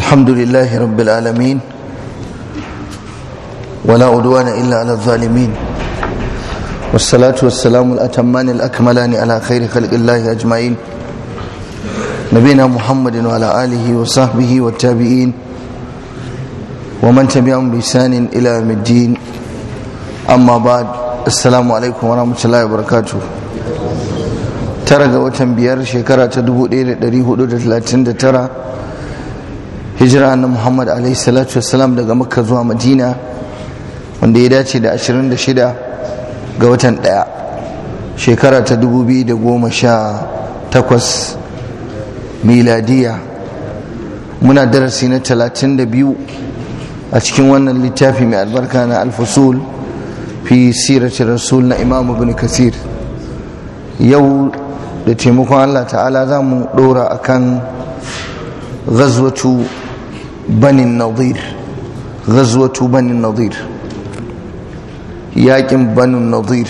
الحمد لله رب العالمين ولا عدوان إلا على الظالمين والصلاة والسلام الأتمان الأكملان على خير خلق الله أجمعين نبينا محمد وعلى آله وصحبه والتابعين ومن تبعهم بإحسان إلى يوم الدين أما بعد السلام عليكم ورحمة الله وبركاته ترى وتنبيار شكرا تدبو إلى 439 hijira na muhammad alaihi salatu wasalam daga makka zuwa madina wanda ya dace da 26 ga watan daya shekara ta 2018 miladiya muna darasi na 32 a cikin wannan littafi mai albarka na alfasul fi sirati rasul na imam bin kasir yau da taimakon allah ta'ala za mu dora akan ghazwatu bani nadir ghazwatu banin nadir yakin banin nadir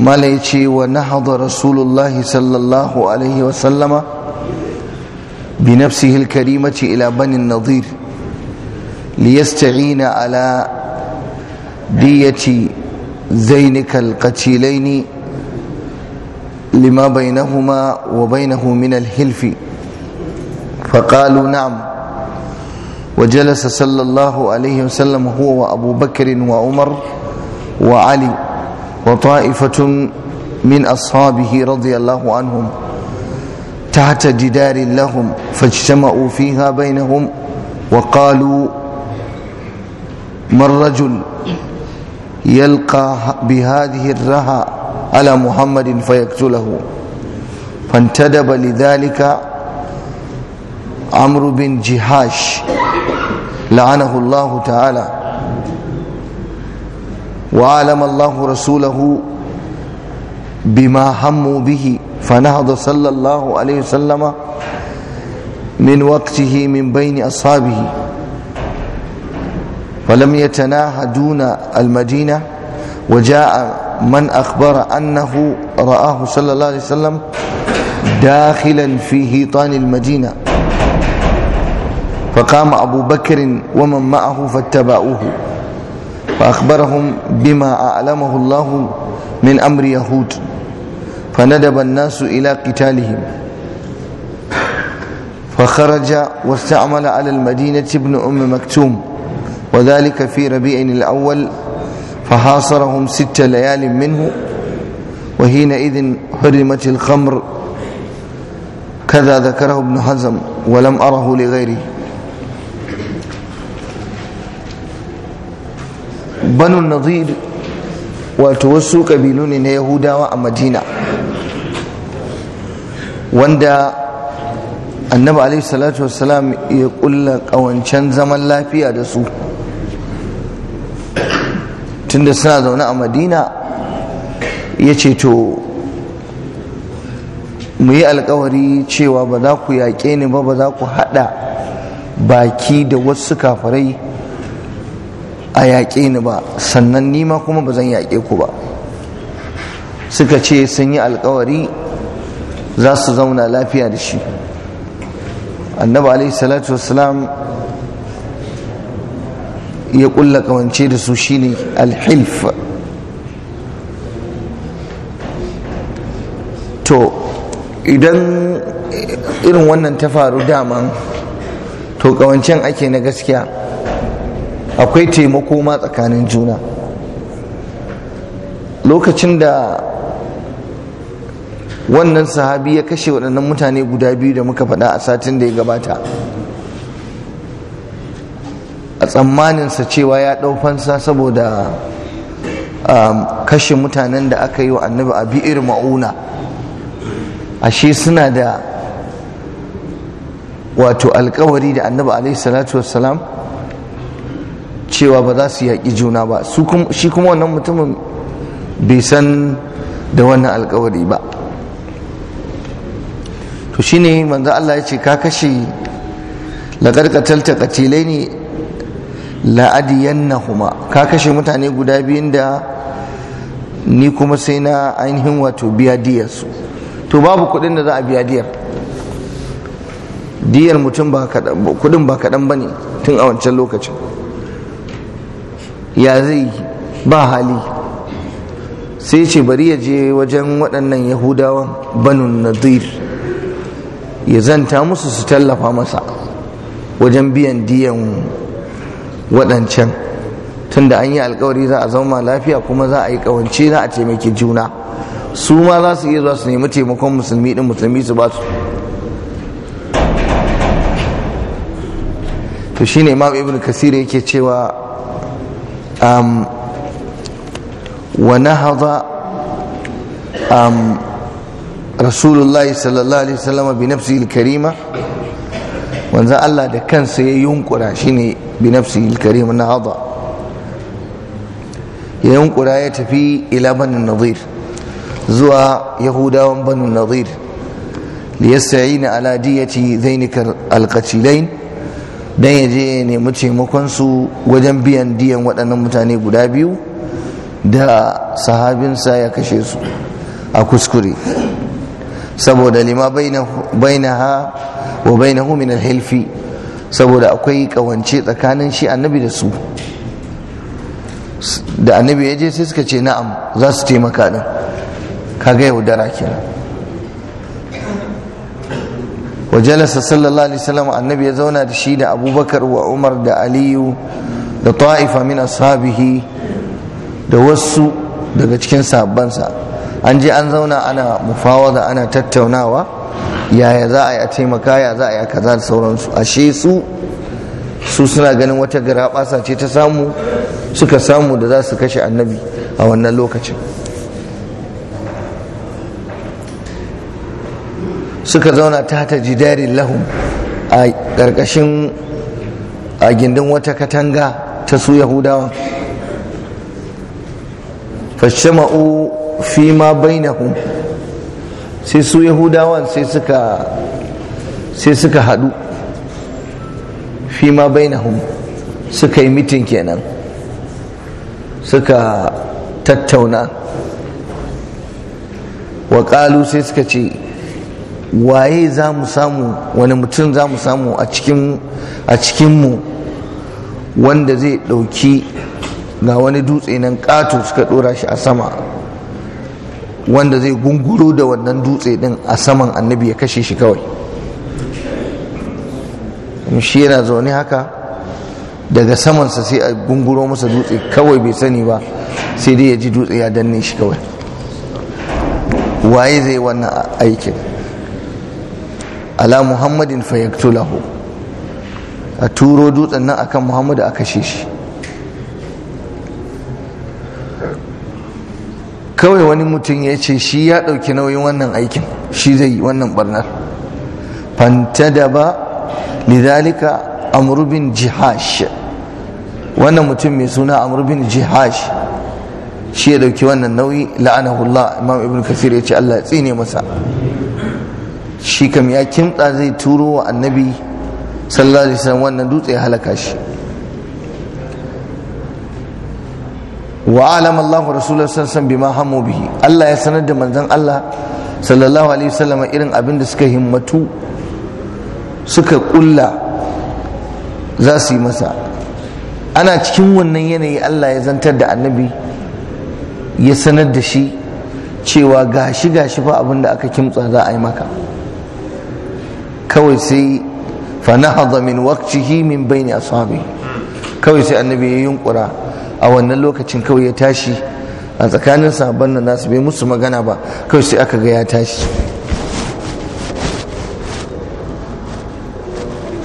mala ya ce wa nahada sallallahu alaihi wasallama bi nafsihi alkarimati ila banin nadir ليستعين على دية زينك lima bainahuma wa bainahu min alhilfi. فقالوا نعم وجلس صلى الله عليه وسلم هو وأبو بكر وعمر وعلي وطائفة من أصحابه رضي الله عنهم تحت جدار لهم فاجتمعوا فيها بينهم وقالوا ما الرجل يلقى بهذه الرهى على محمد فيقتله فانتدب لذلك عمرو بن جهاش لعنه الله تعالى وعلم الله رسوله بما هموا به فنهض صلى الله عليه وسلم من وقته من بين أصحابه فلم يتناهى دون المدينة وجاء من أخبر أنه رآه صلى الله عليه وسلم داخلا في هيطان المدينة فقام أبو بكر ومن معه فاتبعوه فأخبرهم بما أعلمه الله من أمر يهود فندب الناس إلى قتالهم فخرج واستعمل على المدينة ابن أم مكتوم وذلك في ربيع الأول فحاصرهم ست ليال منه وحينئذ حرمت الخمر كذا ذكره ابن حزم ولم أره لغيره banu nazir wato wasu ƙabilu ne na yahudawa a madina wanda annabi alaihi salatu wasalam ya kulla ƙawancen zaman lafiya da su tunda suna zaune a madina ya ce to mu yi alkawari cewa ba za ku yaƙe ni ba ba za ku haɗa baki da wasu kafarai. a yaƙe ni ba sannan nima kuma ba zan yaƙe ku ba suka ce sun yi alkawari za su zauna lafiya da shi annabi alaihi salatu wasalam ya ƙulla ƙawance da su shine alhilf to idan irin wannan ta faru daman to kawancen ake na gaskiya akwai taimako ma tsakanin juna lokacin da wannan sahabi ya kashe waɗannan mutane guda biyu da muka faɗa a satin da ya gabata a tsammaninsa cewa ya ɗau fansa saboda um, kashe mutanen da aka yi wa annabi a bi'ir ma'una ashe suna da wato alkawari da annabi alaihi salatu wassalam cewa ba za su yaƙi juna ba shi kuma wannan mutumin bai san da wannan alkawari ba to shine manzo Allah ya ce ka kashe laqad qatalta ne la kuma, ka kashe mutane guda biyun da ni kuma sai na ainihin wato biya diyarsu, to babu kudin da za a biya diyar diyar mutum ba kudin ba kadan bane tun a wancan lokacin ya zai ba hali sai ce bari ya je wajen waɗannan yahudawan banun nadir ya zanta musu su tallafa masa wajen biyan diyan waɗancan tunda an yi alkawari za a zama lafiya kuma za a yi ƙawance za a taimaki juna su ma za su iya zuwa su nemi taimakon musulmi din musulmi su ba su to shine imam ibn kasir yake cewa um, wa nahadha um, sallallahu alaihi wasallam bi nafsihi karima wanzan Allah da kansa ya yunkura shine bi nafsihi karima nahadha ya yunkura ya tafi ila banin nadir zuwa yahudawan banin nadir liyasta'ina ala diyati dhainikal alqatilain don ya je ya nemi taimakonsu wajen biyan diyan waɗannan mutane guda biyu da sahabinsa ya kashe su a kuskure saboda lima ha wa na min hilfi saboda akwai ƙawance tsakanin shi annabi da su da annabi ya je sai suka ce na'am za su taimaka ɗin kaga yaudara kenan wa jalasa sallallahu alaihi annabi ya zauna da shi da abubakar wa umar da aliyu da ta'ifa min ashabihi da wasu daga cikin sabonsa an je an zauna ana mufawaza ana tattaunawa yaya za a yi taimaka ya za a kaza da sauransu ashe su su suna ganin wata gara ce ta samu suka samu da za su kashe annabi a wannan lokacin suka zauna ta ta jidarin lahum a ƙarƙashin a gindin wata katanga ta su yahudawa fashama'u fi ma bainahum sai su yahudawan sai suka sai suka haɗu fi ma bainahum suka yi mitin kenan suka tattauna wa sai suka ce waye za mu samu wani mutum za mu samu a cikinmu wanda zai ɗauki ga wani dutse nan ƙato suka ɗora shi a sama wanda zai gunguro da wannan dutse ɗin a saman annabi ya kashe shi kawai shi yana zaune haka daga samansa sai a gunguro masa dutse kawai bai sani ba sai dai ya ji dutse ya danne shi kawai waye zai wannan aikin ala muhammadin fayaktulahu a turo dutsen nan akan muhammadu a kashe shi kawai wani mutum ya ce shi ya ɗauki nauyin wannan aikin shi zai wannan barnar fantadaba ba lidalika amurbin jihash wannan mutum mai suna amurbin jihash shi ya ɗauki wannan nauyi la'anahullah imam ibn kasir ya ce Allah ya tsine masa shi kam ya kimta zai turo wa annabi sallallahu alaihi wasallam wannan dutse ya halaka shi wa alam Allah rasulullah sallallahu bima hamu bihi Allah ya sanar da manzon Allah sallallahu alaihi wasallam irin abin da suka himmatu suka kulla za su yi masa ana cikin wannan yanayi Allah ya zantar da annabi ya sanar da shi cewa gashi gashi fa abin da aka kimtsa za a yi maka kawai sai fanahadha min waqtihi min baini sami. kawai sai annabi ya yunkura a wannan lokacin kawai ya tashi a tsakanin sabon nan nasu bai musu magana ba kawai sai aka ga ya tashi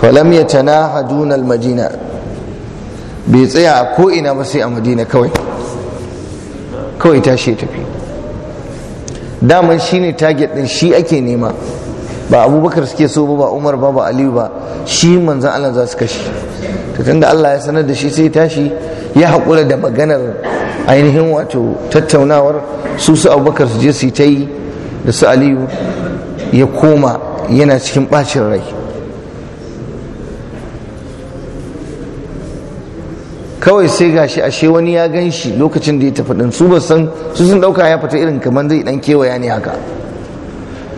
falam ya tana madina bai tsaya a ko'ina ba sai a madina kawai kawai tashi ya tafi daman shi ne target din shi ake nema ba abubakar suke so ba ba umar ba ba aliyu ba shi manzan allah za su kashe to tunda allah ya sanar da shi sai tashi ya haƙura da maganar ainihin wato tattaunawar su su abubakar su je su ta yi da su aliyu ya koma yana cikin ɓacin rai kawai sai gashi ashe wani ya gan shi lokacin da ya tafi ɗin su ba san su sun ɗauka ya fita irin kamar zai ɗan kewaya ne haka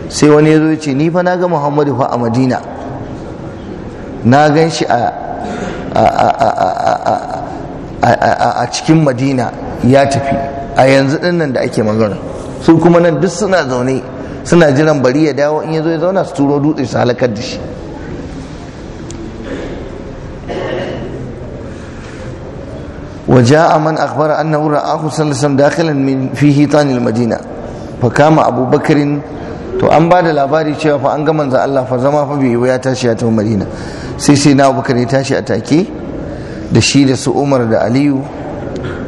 sai wani ya zo ya ce ni fa na ga muhammadu fa a madina na gan shi a cikin madina ya tafi a yanzu dinnan da ake magana su kuma nan duk suna zaune suna jiran bari ya dawo in ya zo ya zauna su turo dutse su halakar da shi وجاء من أخبر أنه رآه صلى الله عليه وسلم داخلا من في هيطان المدينة فقام أبو بكر to an ba da labari cewa fa an ga manzan Allah fa zama fa bai ya tashi ya tafi Madina sai sai na Abubakar ya tashi a take da shi da su Umar da Aliyu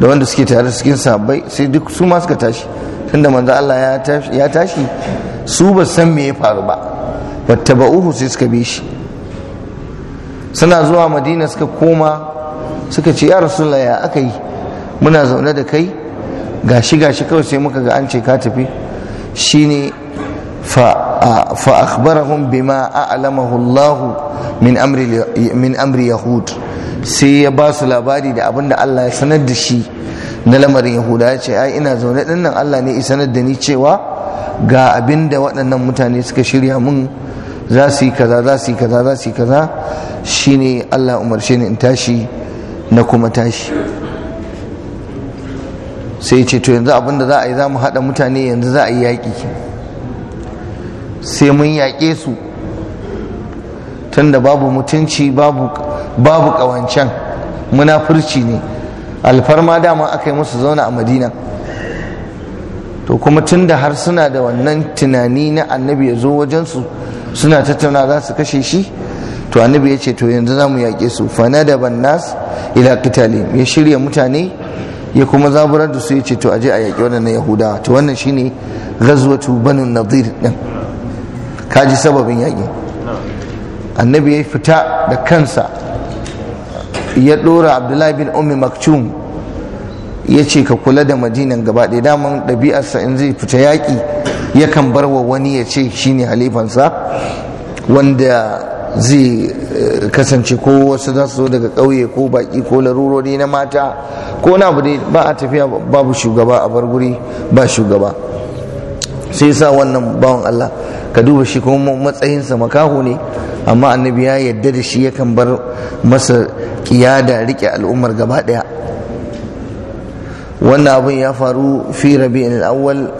da wanda suke tare da cikin sahabbai sai duk su ma suka tashi tunda manzan Allah ya tashi su ba san me ya faru ba wattaba'uhu sai suka bi shi suna zuwa Madina suka koma suka ce ya Rasulullah ya aka yi muna zaune da kai gashi gashi kawai sai muka ga an ce ka tafi shine فأخبرهم بما أعلمه الله من أمر من أمر يهود sai ya basu labari da abin da Allah ya sanar da shi na lamarin Yahuda ya ce ai ina zaune din nan Allah ne ya sanar da ni cewa ga abinda waɗannan mutane suka shirya mun za su yi kaza za su yi kaza za su yi kaza shine Allah umarce ni in tashi na kuma tashi sai ce to yanzu abin za mu haɗa mutane yanzu za a yi yaƙi sai mun yaƙe su tunda babu mutunci babu babu ƙawancen munafurci ne alfarma dama aka yi musu zauna a madina to kuma tunda har suna da wannan tunani na annabi ya zo wajensu suna tattauna za su kashe shi to annabi ya ce to yanzu za mu yaƙe su fana da bannas ila qitalim ya shirya mutane ya kuma zaburar da su ya ce to aje a yaƙi wannan yahudawa to wannan shine ghazwatu banu nadir din kaji sababin yaƙi annabi ya fita da kansa ya ɗora abdullahi bin umi maktum ya ce ka kula da madinan gaba ɗaya daman ɗabi'arsa in zai fita yaƙi yakan bar wa wani ya ce shi ne halifansa wanda zai eh, kasance ko wasu za su zo daga ƙauye ko baƙi ko larurori na mata ko na abu ba a tafiya babu shugaba a bar guri ba shugaba sai sa wannan bawan Allah ka duba shi kuma matsayinsa makaho ne amma annabi ya yadda da shi yakan bar masa kiyada rike al'ummar gaba daya wannan abin ya faru fi rabi'il awwal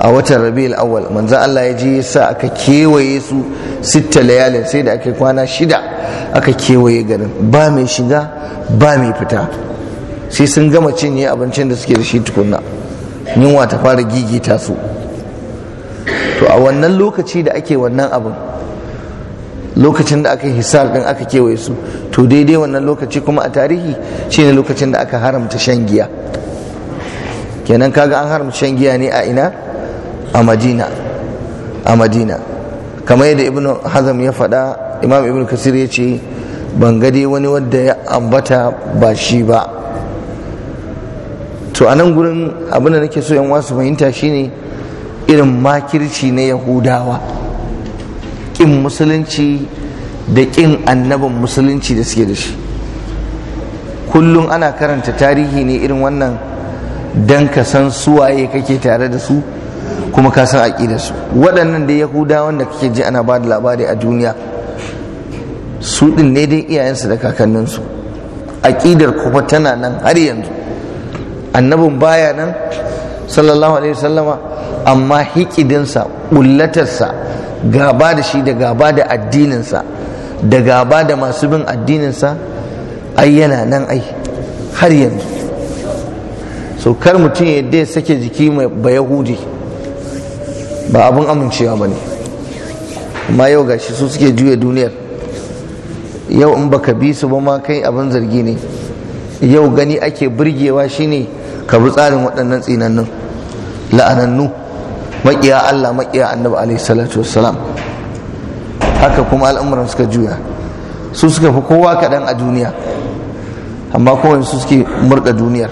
a watan rabi'in awwal manzo Allah ya je sa aka kewaye su sitta layalin sai da aka kwana shida aka kewaye garin ba mai shiga ba mai fita sai sun gama cinye abincin da suke da shi tukunna yunwa ta fara gigita su to a wannan lokaci da ake wannan abin lokacin da aka hisar din aka kewaye su to daidai wannan lokaci kuma a tarihi shine lokacin da aka haramta shan giya kenan kaga an haramta shan giya ne a ina a madina a madina kamar yadda ibn hazam ya faɗa imam ibn kasir ya ce ban gade wani wadda ya ambata ba shi ba to a nan gurin abin da nake so yan wasu fahimta shine irin makirci na yahudawa ƙin musulunci da ƙin annabin musulunci da suke da shi kullum ana karanta tarihi ne irin wannan don ka san suwaye kake tare da su kuma ka san su. waɗannan da yahudawan da kake ji ana ba da labari a duniya su ɗin ne dai iyayensu da kakanninsu aƙidar kuma tana nan har yanzu annabin baya nan sallallahu alaihi wasallama amma hikidinsa ƙullatarsa gaba da shi da gaba da addininsa da gaba da masu bin addininsa ai yana nan ai har yanzu so kar mutum yadda ya sake jiki mai ba yahudi ba abin amincewa ba ne amma yau gashi su suke juya duniyar yau in baka bi su ba ma kai abin zargi ne yau gani ake burgewa shine ka bi tsarin waɗannan tsinannin la'anannu makiya Allah makiya annabi alaihi salatu wassalam haka kuma al'amuran suka juya su suka fi kowa kaɗan a duniya amma kowane su suke murɗa duniyar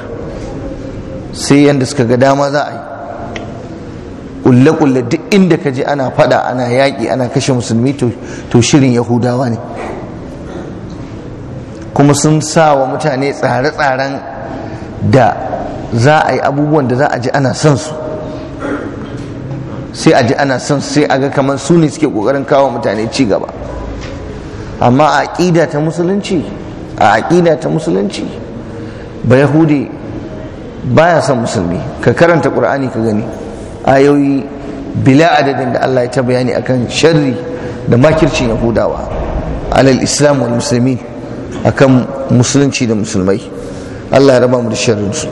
sai yadda suka ga dama za a yi ƙulle-ƙulle duk inda ka je ana faɗa ana yaki, ana kashe musulmi to shirin yahudawa ne kuma sun sa wa mutane tsare-tsaren da za a yi abubuwan da za a ji ana son su sai a ji ana son sai a ga kamar su ne suke kokarin kawo mutane ci gaba amma a aƙida ta musulunci a aƙida ta musulunci ba yahudi baya son musulmi ka karanta qur'ani ka gani ayoyi bila adadin da Allah ya ta bayani akan sharri da makircin yahudawa alal islam wal musulmi, akan musulunci da musulmai Allah ya raba mu da sharrin su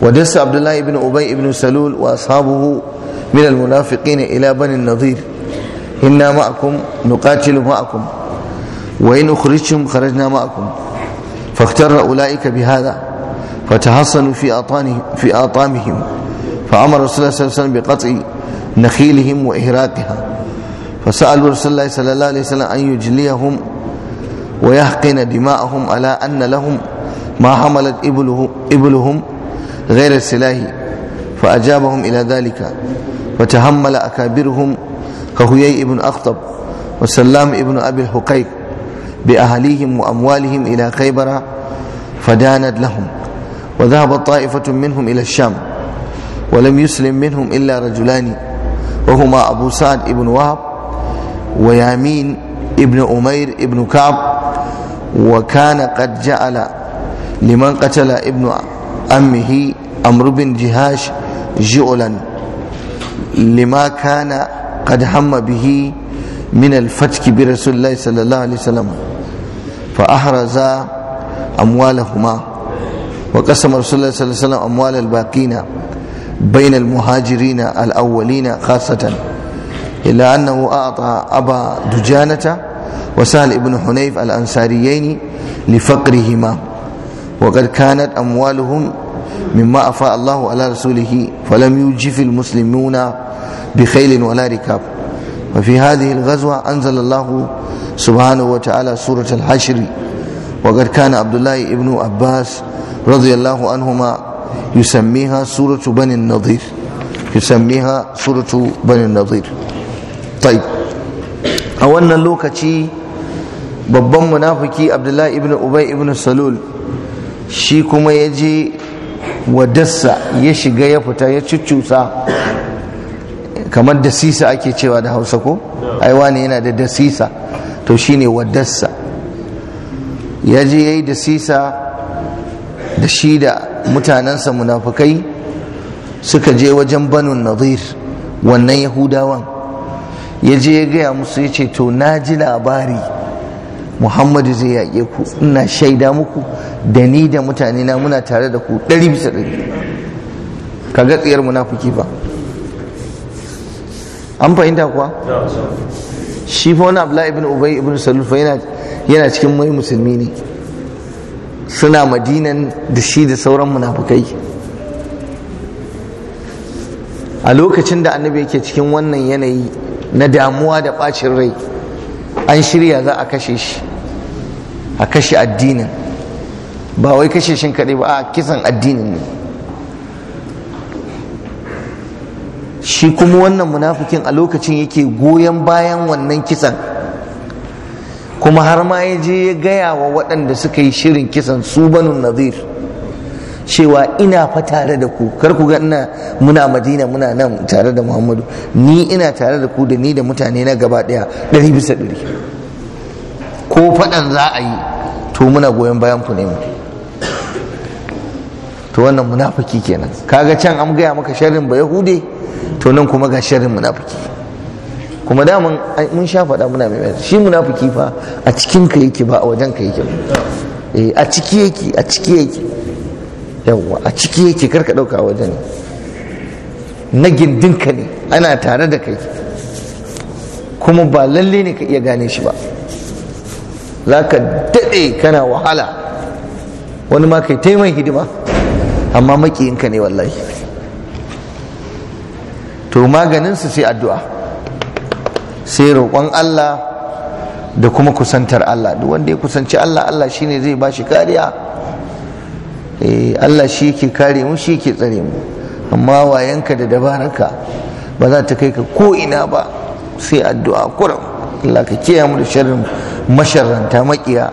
wadassa abdullahi ibn ubay ibn salul wa ashabuhu من المنافقين إلى بني النظير إنا معكم نقاتل معكم وإن أخرجتم خرجنا معكم فاختر أولئك بهذا فتحصنوا في أطانهم في أطامهم فأمر رسول الله صلى الله عليه وسلم بقطع نخيلهم وإهراقها فسألوا رسول الله صلى الله عليه وسلم أن يجليهم ويحقن دماءهم على أن لهم ما حملت إبله إبلهم غير السلاح فأجابهم إلى ذلك وتحمل أكابرهم كهيي ابن أخطب وسلام ابن أبي الحقيق بأهليهم وأموالهم إلى خيبر فدانت لهم وذهب طائفة منهم إلى الشام ولم يسلم منهم إلا رجلان وهما أبو سعد ابن وهب ويامين ابن أمير ابن كعب وكان قد جعل لمن قتل ابن أمه أمر بن جهاش جعلا lima kana qad hamma bihi min al-fatki bi rasulillahi sallallahu alaihi wasallam fa ahraza amwalahuma wa qasama rasulullahi sallallahu alaihi wasallam amwal al-baqina بين المهاجرين الأولين خاصة إلا أنه أعطى أبا دجانة وسهل ابن حنيف الأنصاريين لفقرهما وقد كانت أموالهم مما أفاء الله على رسوله فلم يوجف المسلمون بخيل ولا ركاب وفي هذه الغزوة أنزل الله سبحانه وتعالى سورة الحشر وقد كان عبد الله ابن عباس رضي الله عنهما يسميها سورة بني النضير يسميها سورة بني النضير طيب أولا لوكتي babban munafiki abdullahi ibn ubay ibn salul shi kuma ya je wadassa ya shiga ya fita ya cuccusa kamar dasisa ake cewa da hausa ko aiwa yana da dasisa to shine wadassa ya je ya yi dasisa da shi da mutanensa munafukai suka je wajen banin nazir wannan yahudawan ya je ya gaya musu ya ce to na ji labari muhammadu zai yaƙe ku ina shaida muku da ni da mutane na muna tare da ku ɗari bisa ɗari ka ga tsiyar munafuki ba an fahimta kuwa shi fa wani abla ibn ubay ibn salufa yana cikin mai musulmi ne suna madinan da shi da sauran munafukai a lokacin da annabi yake cikin wannan yanayi na damuwa da ɓacin rai an shirya za a kashe shi a kashe addinin ba wai kashe shi kaɗai ba a kisan addinin ne shi kuma wannan munafikin a lokacin yake goyon bayan wannan kisan kuma har ma ya je ya gaya wa waɗanda suka yi shirin kisan su banu nazir cewa ina fa tare da ku kar ku ga ina muna madina muna nan tare da muhammadu ni ina tare da ku da ni da mutane na gaba ɗaya ɗari bisa ɗari ko faɗan za a yi to muna goyon bayan ku ne mu to wannan munafiki kenan kaga can an gaya maka sharrin ba yahude to nan kuma ga sharrin munafiki kuma da mun sha faɗa muna mai shi munafiki fa a cikin ka yake ba a wajen ka yake ba eh, a ciki yake a ciki yake yawwa a ciki yake karka ɗauka a wajen na gindinka ne ana tare da kai kuma ba lalle ne ka iya gane shi ba za ka daɗe kana wahala wani ma kai taimai hidima amma makiyinka ne wallahi to maganinsu sai addu'a sai roƙon Allah da kuma kusantar Allah duk wanda ya kusanci Allah Allah shine zai ba shi kariya eh Allah shi yake kare mu shi yake tsare mu amma wayanka da dabaranka ba za ta kai ka ko ina ba sai addu'a kuram Allah ka kiyaye mu da sharrin masharranta makiya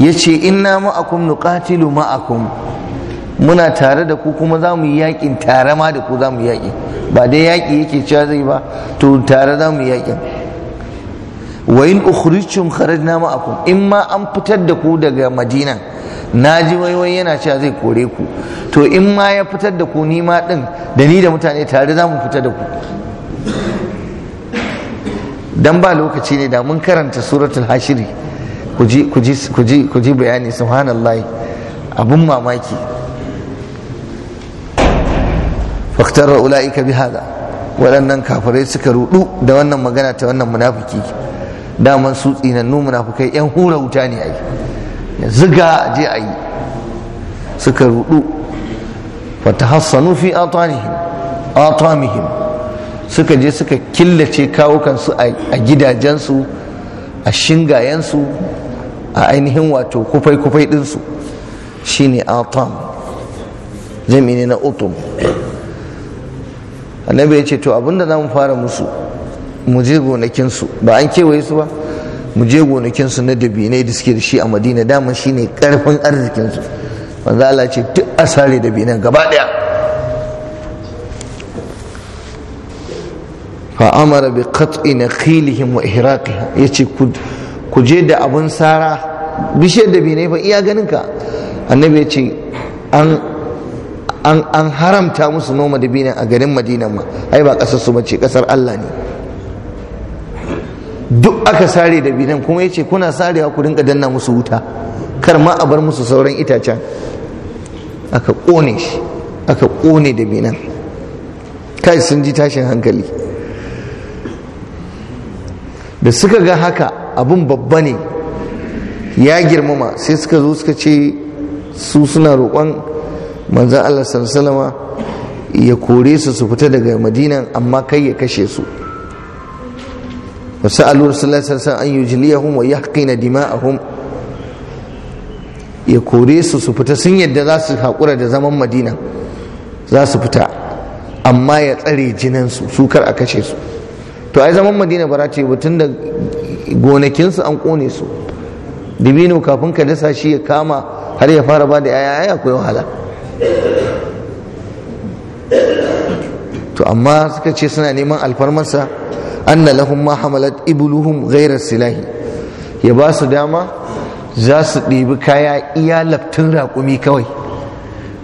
yace inna ma'akum nuqatilu ma'akum muna tare da ku kuma za mu yi yakin tare ma da ku za mu yaƙi ba dai yaƙi yake cewa zai ba to tare za mu yi yaƙin wayin ukhrijtum kharajna ma'akum in ma an fitar da ku daga madina na ji waiwai yana cewa zai kore ku to in ma ya fitar da ku ni ma din da ni da mutane tare za mu fita da ku dan ba lokaci ne da mun karanta suratul hashiri ku ji bayani subhanallahi abun mamaki faktarar ula'ika bi hada waɗannan kafirai suka rudu da wannan magana ta wannan munafiki man su nu munafikai yan hura wuta ne ai ya ziga je suka rudu fatahassanu fi atamihim suka je suka killace kawukan su a gidajensu a shingayensu a ainihin wato kufai-kufai ɗinsu shine atam jami'i na utum annabi ya ce to abinda za fara musu mu je gonakinsu ba an kewaye su ba mu je gonakinsu na dabinai da suke da shi a madina dama shine ne karfin arzikinsu manzo Allah ce duk a sare dabinan gaba daya fa amara bi qat'i nakhilihim wa ihraqiha yace ku ku je da abun sara bishiyar dabinai fa iya ganin ka annabi ya ce an an an haramta musu noma dabino a garin madina ma ai ba kasar su bace kasar Allah ne duk aka sare dabinan kuma yace kuna sarewa ku dinga danna musu wuta kar ma a bar musu sauran itacen aka kone shi aka kone dabinan kai sun ji tashin hankali da suka ga haka abun babba ne ya girmama sai suka zo suka ce su suna roƙon manzan Allah sallama ya kore su su fita daga madinan amma kai ya kashe su wasu alu rasulullah san, an yujliyahum wa a dima'ahum ya kore su su fita sun yadda za su haƙura da zaman madina za su fita amma ya tsare jinansu su kar a kashe su to ai zaman madina ba ce ba tun da gonakinsu an ƙone su dibino kafin ka dasa shi ya kama har ya fara ba da yaya akwai wahala to amma suka ce suna neman alfarmarsa anna lahum ma hamalat ibuluhum silahi ya ba su dama za su ɗibi kaya iya laftin raƙumi kawai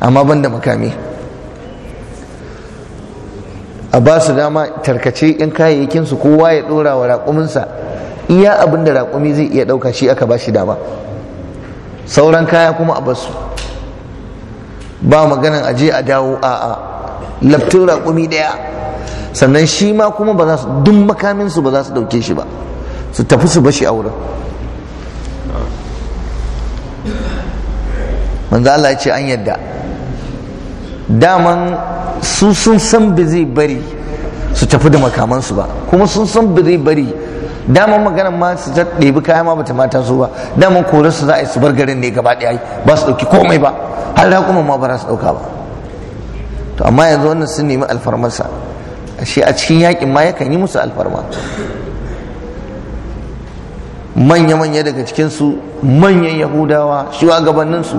amma banda makami a ba su dama tarkace 'yan kayayyakinsu kowa ya ɗora wa raƙuminsa iya abin da raƙumi zai iya ɗauka shi aka ba shi dama sauran kaya kuma a basu ba maganan aje a dawo a'a laftin raƙumi ɗaya sannan shi ma kuma ba za su duk makaminsu ba za su ɗauke shi ba su tafi su bashi a wurin manzo Allah ya ce an yadda daman su sun san zai bari su tafi da makamansu ba kuma sun san zai bari daman maganar ma su ta ɗebi kaya ma bata mata su ba daman kore su za a yi su bar garin ne gaba ɗaya ba su ɗauki komai ba har da kuma ma ba za su ɗauka ba to amma yanzu wannan sun nemi alfarmarsa ashe a cikin yakin ma yakan yi musu alfarma manya-manya daga cikinsu manyan yahudawa shugabanninsu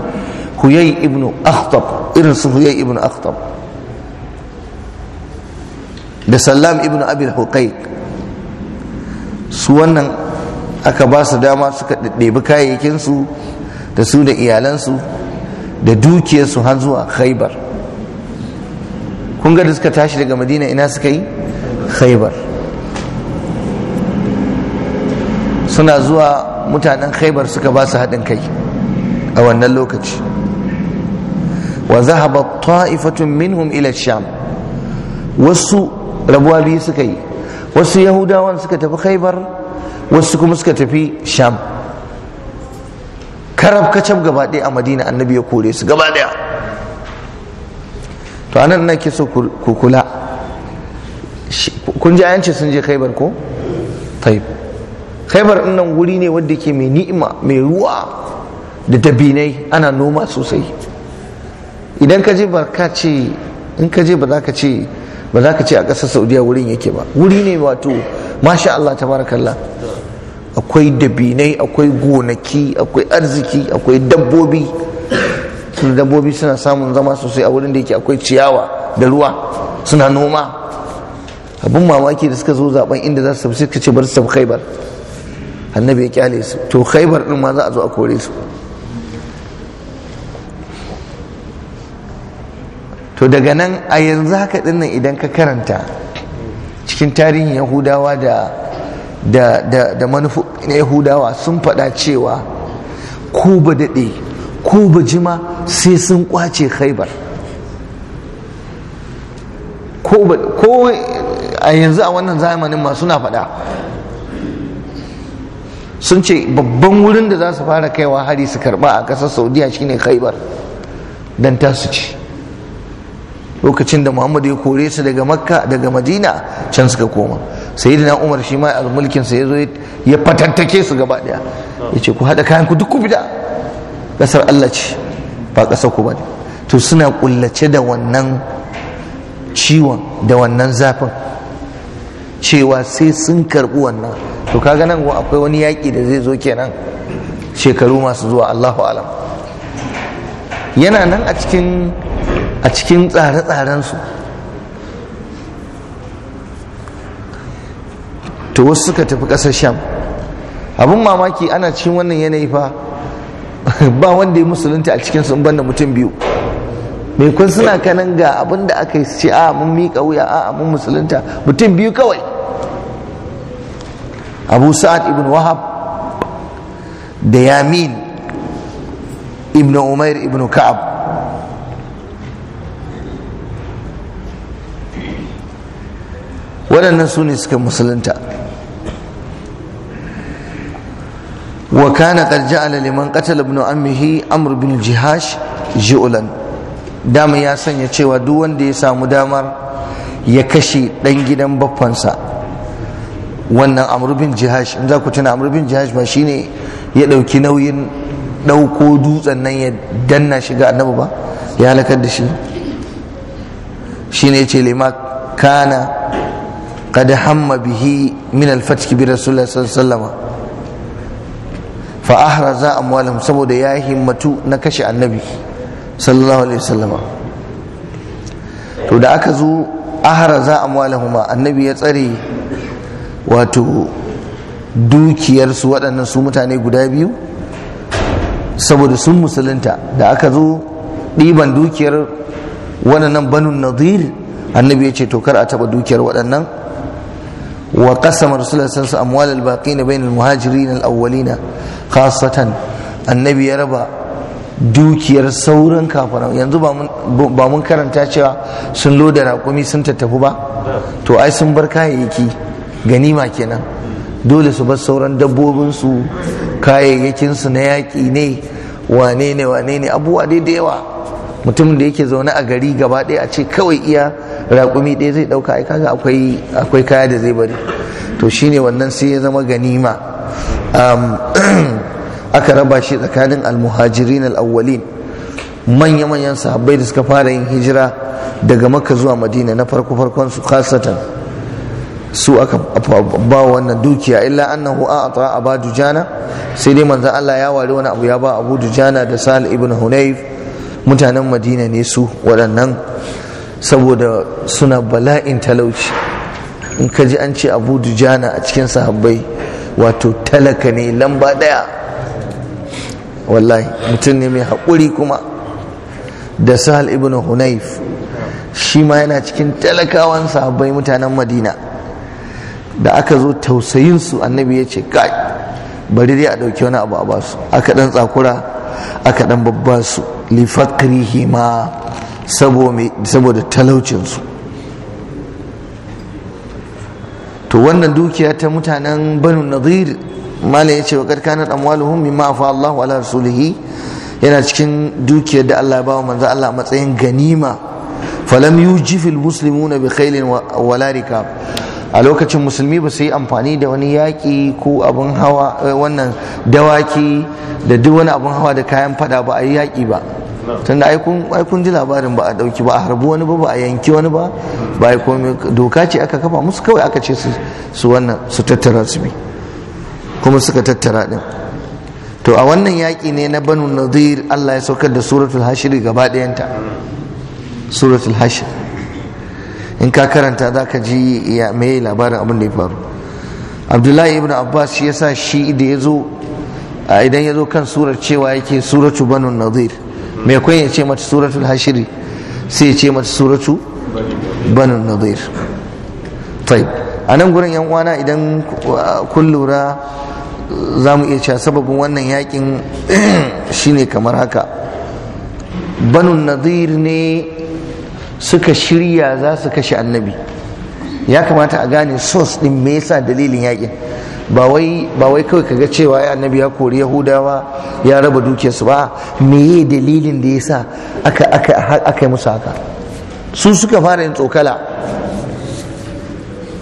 huyai ibnu akhtab irin su huyai ibnu akhtab da sallam ibnu abil huqaiq su wannan aka ba su dama suka ɗaɗɗebi kayayyakinsu da su da iyalansu da dukiyarsu har zuwa khaibar kun ga da suka tashi daga madina ina suka yi khaibar suna zuwa mutanen khaibar suka ba su haɗin kai a wannan lokaci wa zahaba ta'ifatun minhum ila sham wasu rabuwa biyu suka yi wasu yahudawan suka tafi khaibar wasu kuma suka tafi sham karab kacab gaba a madina annabi ya kore su gaba daya to anan na ke so ku kula kun ji ayanci sun je khaibar ko taib khaibar nan wuri ne wanda ke mai ni'ima mai ruwa da dabinai ana noma sosai idan ka je ba ka ce in ka je ba za ka ce ba za ka ce a ƙasar saudiya wurin yake ba wuri ne wato masha Allah tabarakallah akwai dabinai akwai gonaki akwai arziki akwai dabbobi dabbobi suna samun zama sosai a wurin da yake akwai ciyawa da ruwa suna noma abin mamaki da suka zo zaben inda za su tafi ka ce bar su tafi khaibar annabi ya kyale su to khaibar din ma za a zo a kore su to daga nan a yanzu haka dinnan idan ka karanta cikin tarihin yahudawa da da da da manufu yahudawa sun faɗa cewa ko ba daɗe ko ba jima sai sun kwace khaibar ko a yanzu a wannan zamanin ma suna faɗa sun ce babban wurin da za su fara kaiwa hari su karba a ƙasar saudiya shine khaibar don su ce lokacin da muhammadu ya kore su daga makka daga madina can suka koma sayyidina umar shi ma mulkin sa yazo ya fatattake su gaba daya yace ku haɗa kayan ku duk ku bida kasar Allah ce ba ƙasar ku bane to suna kullace da wannan ciwon da wannan zafin cewa sai sun karɓi wannan to kaga nan akwai wani yaki da zai zo kenan shekaru masu zuwa Allahu alam yana nan a cikin a cikin tsare-tsarensu to wasu suka tafi ƙasar sham abin mamaki ana cikin wannan yanayi fa ba wanda ya musulunta a cikin sun banda mutum biyu mai kun suna kanan ga abin da aka ce a mun miƙa wuya a mun musulunta mutum biyu kawai abu sa'ad ibn wahab da yamin ibn umair ibn ka'ab waɗannan su ne suka musulunta wa kana qad ja'ala liman qatala ibn ammihi amr bin jihash ji'ulan dama ya sanya cewa duk wanda ya samu damar ya kashe dan gidan baffansa wannan amr bin jihash in za ku tuna amr bin jihash ba shine ya ɗauki nauyin ɗauko dutsen nan ya danna shi ga annabi ba ya halakar da shi shine ya ce lima kana قد هم به من الفتك برسول الله صلى الله عليه وسلم فأحرز أموالهم سبود يا همتو نكش النبي صلى الله عليه وسلم to da aka zo ahraza amwalahuma annabi ya tsare wato dukiyarsu waɗannan su mutane guda biyu saboda sun musulunta da aka zo ɗiban dukiyar waɗannan banun nadir annabi ya ce to kar a taɓa dukiyar waɗannan وقسم الرسول صلى الله عليه وسلم اموال الباقين بين المهاجرين الاولين خاصه النبي يربى dukiyar sauran kafaran yanzu ba mun karanta cewa sun loda raƙumi sun tattafi ba to ai sun bar kayayyaki ganima kenan dole su bar sauran dabbobinsu kayayyakinsu na yaƙi ne wane ne wane ne abubuwa dai da yawa mutumin da yake zaune a gari gaba ɗaya a ce kawai iya raƙumi ɗaya zai ɗauka ai kaga akwai akwai kaya da zai bari to shine wannan sai ya zama ganima aka raba shi tsakanin almuhajirin awwalin manya-manyan sahabbai da suka fara yin hijira daga makka zuwa madina na farko farkon su khasatan su aka ba wannan dukiya illa annahu a'ata abu dujana sai dai manzo Allah ya ware wani abu ya ba abu dujana da sal ibn hunayf mutanen madina ne su waɗannan saboda suna bala'in talauci in ka ji an ce abu dujana a cikin sahabbai wato talaka ne lamba ɗaya wallahi mutum ne mai haƙuri kuma da sahal ibn hunayf shi ma yana cikin talakawan sahabbai mutanen madina da aka zo tausayinsu annabi ya ce kai bari dai a ɗauki wani abu a basu aka ɗan tsakura aka dan babba su li saboda talaucinsu to wannan dukiya ta mutanen banu nadir malam ya ce wa karkanar amwaluhum mimma afa Allahu wa rasulihi yana cikin dukiyar da Allah ya bawa manzo Allah a matsayin ganima falam yujifil muslimuna bi khailin walarika rikab a lokacin musulmi ba su yi amfani da wani yaƙi ko abin hawa eh, wannan dawaki da duk wani abin hawa da kayan fada ba a yi yaƙi ba tunda aikun ji labarin ba a ɗauki ba a harbi wani ba ba a yanki wani ba ba a doka ce aka kafa musu kawai aka ce su wannan su tattara su bi kuma suka tattara ɗin to a wannan yaƙi ne na banu nadir allah ya saukar da suratul hashiri gaba ɗayanta suratul hashiri in ka karanta za ka ji ya mai labarin abin da ya faru abdullahi ibn abbas shi yasa shi da ya zo idan ya zo kan surar cewa yake suratu banu nazir mai kwan ya ce mata suratu hashiri sai ya ce mata suratu banu nadir a nan gurin yan uwana idan kun lura za mu iya cewa sababin wannan yakin shine kamar haka banu nazir ne suka shirya za su kashe annabi ya kamata a gane sos din me yasa dalilin yakin ba wai ba wai kawai kaga cewa ya annabi ya kori yahudawa ya raba dukiyarsu ba meye dalilin da yasa aka aka aka musu haka su suka fara yin tsokala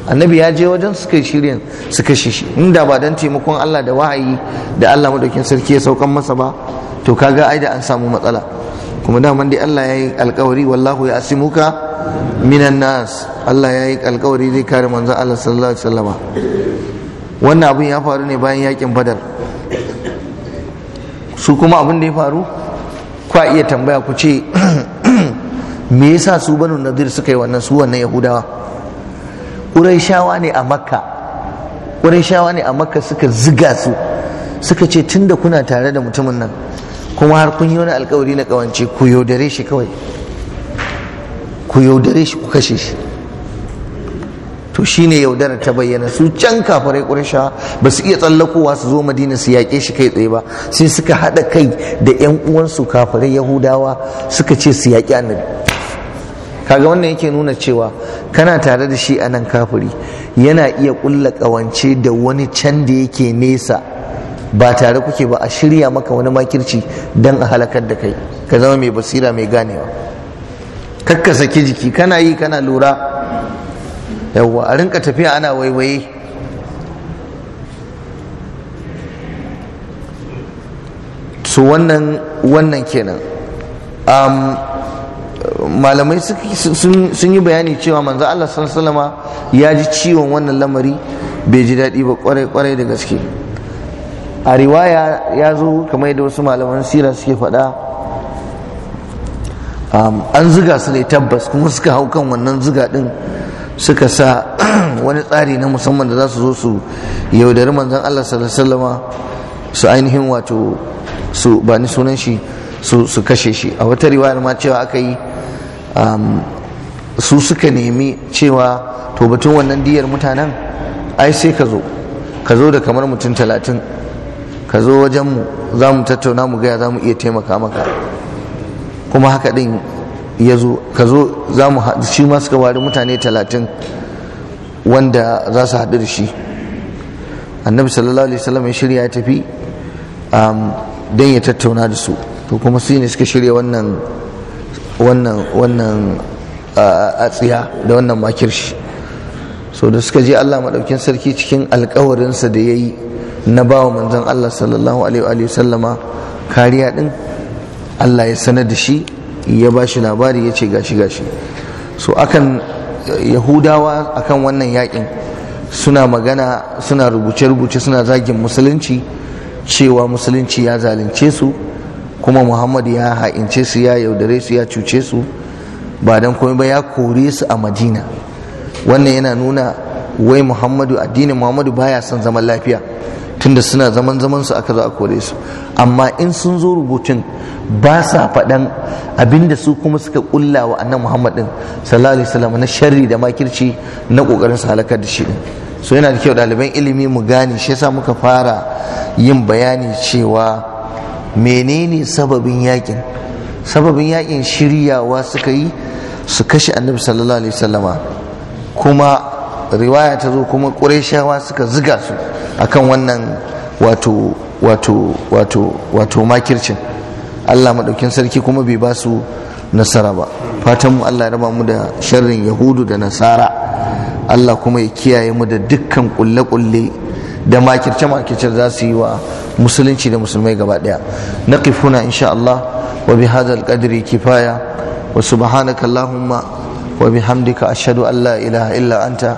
annabi ya je wajen suka yi shirin su kashe shi inda ba dan taimakon Allah da wahayi da Allah madaukin sarki ya saukan masa ba to kaga ai da an samu matsala kuma daman dai Allah ya yi alkawari wallahu ya asimuka minan nas Allah ya yi alkawari zai kare manzon Allah sallallahu alaihi wasallam wannan abin ya faru ne bayan yakin badar su kuma abin da ya faru kwa iya tambaya ku ce me yasa su banu nadir suka yi wannan su wannan yahudawa ƙurayshawa ne a makka ne a makka suka ziga su suka ce tunda kuna tare da mutumin nan kuma har kun yi wani alkawari na kawance ku yaudare shi kawai ku yaudare shi ku kashe shi to shine yaudara ta bayyana su can kafarai ƙursha ba su iya tsallakowa su zo madina su yaƙe shi kai tsaye ba sai suka haɗa kai da 'yan uwansu kafarai yahudawa suka ce su yaƙi annabi kaga wannan yake nuna cewa kana tare da shi a nan kafiri yana iya ƙulla ƙawance da wani can da yake nesa ba tare kuke ba a shirya maka wani makirci don a halakar da kai ka zama mai basira mai ganewa kakka saki jiki kana yi kana lura yawwa a rinka tafiya ana waiwaye su wannan kenan malamai sun yi bayani cewa manzo Allah sallallahu ya ji ciwon wannan lamari bai ji daɗi ba kwarai kwarai da gaske a riwaya ya zo kamar da wasu malaman sira suke faɗa an zuga su ne tabbas kuma suka hau kan wannan zuga ɗin suka sa wani tsari na musamman da za su zo su yaudari manzan Allah sallama su ainihin wato su ba ni sunan shi su kashe shi a wata riwaya ma cewa aka yi su suka nemi cewa to batun wannan diyar mutanen ai sai ka zo ka zo da kamar mutum talatin ka zo wajenmu za mu tattauna mu gaya za mu iya taimaka maka kuma haka din ya zo ka zo za mu shi ma suka wari mutane talatin wanda za su haɗu da shi annabi sallallahu alaihi wasallam ya shirya ya tafi don ya tattauna da su to kuma su ne suka shirya wannan wannan wannan a tsiya da wannan makirshi so da suka je Allah maɗaukin sarki cikin alkawarinsa da ya yi na ba wa manzon Allah sallallahu alaihi wa sallama kariya ɗin, Allah ya sanar da shi ya ba shi labari ya ce gashi gashi so akan yahudawa akan wannan yakin suna magana suna rubuce-rubuce suna zagin musulunci cewa musulunci ya zalunce su kuma muhammad ya ha'ince su ya yaudare su ya cuce su ba don komai ba ya kore su a madina wannan yana nuna wai muhammadu addinin muhammadu baya son zaman lafiya tunda suna zaman zaman su aka zo a kore su amma in sun zo rubutun ba sa faɗan abinda su kuma suka kulla wa annan muhammad din sallallahu alaihi wasallam na sharri da makirci na kokarin su halakar da shi din so yana da kyau ɗaliban ilimi mu gane shi yasa muka fara yin bayani cewa menene sababin yakin sababin yakin shiryawa suka yi su kashe annabi sallallahu alaihi wasallama kuma riwaya ta zo kuma ƙureshawa suka ziga su a kan wannan wato wato wato wato makircin Allah maɗaukin sarki kuma bai ba su nasara ba fatan mu Allah ya raba mu da sharrin yahudu da nasara Allah kuma ya kiyaye mu da dukkan ƙulle kulle da makirce-makirce za su yi wa musulunci da musulmai gaba ɗaya. naqifuna insha Allah wa bi hadha al kifaya wa subhanaka allahumma wa bihamdika ashhadu an la ilaha illa anta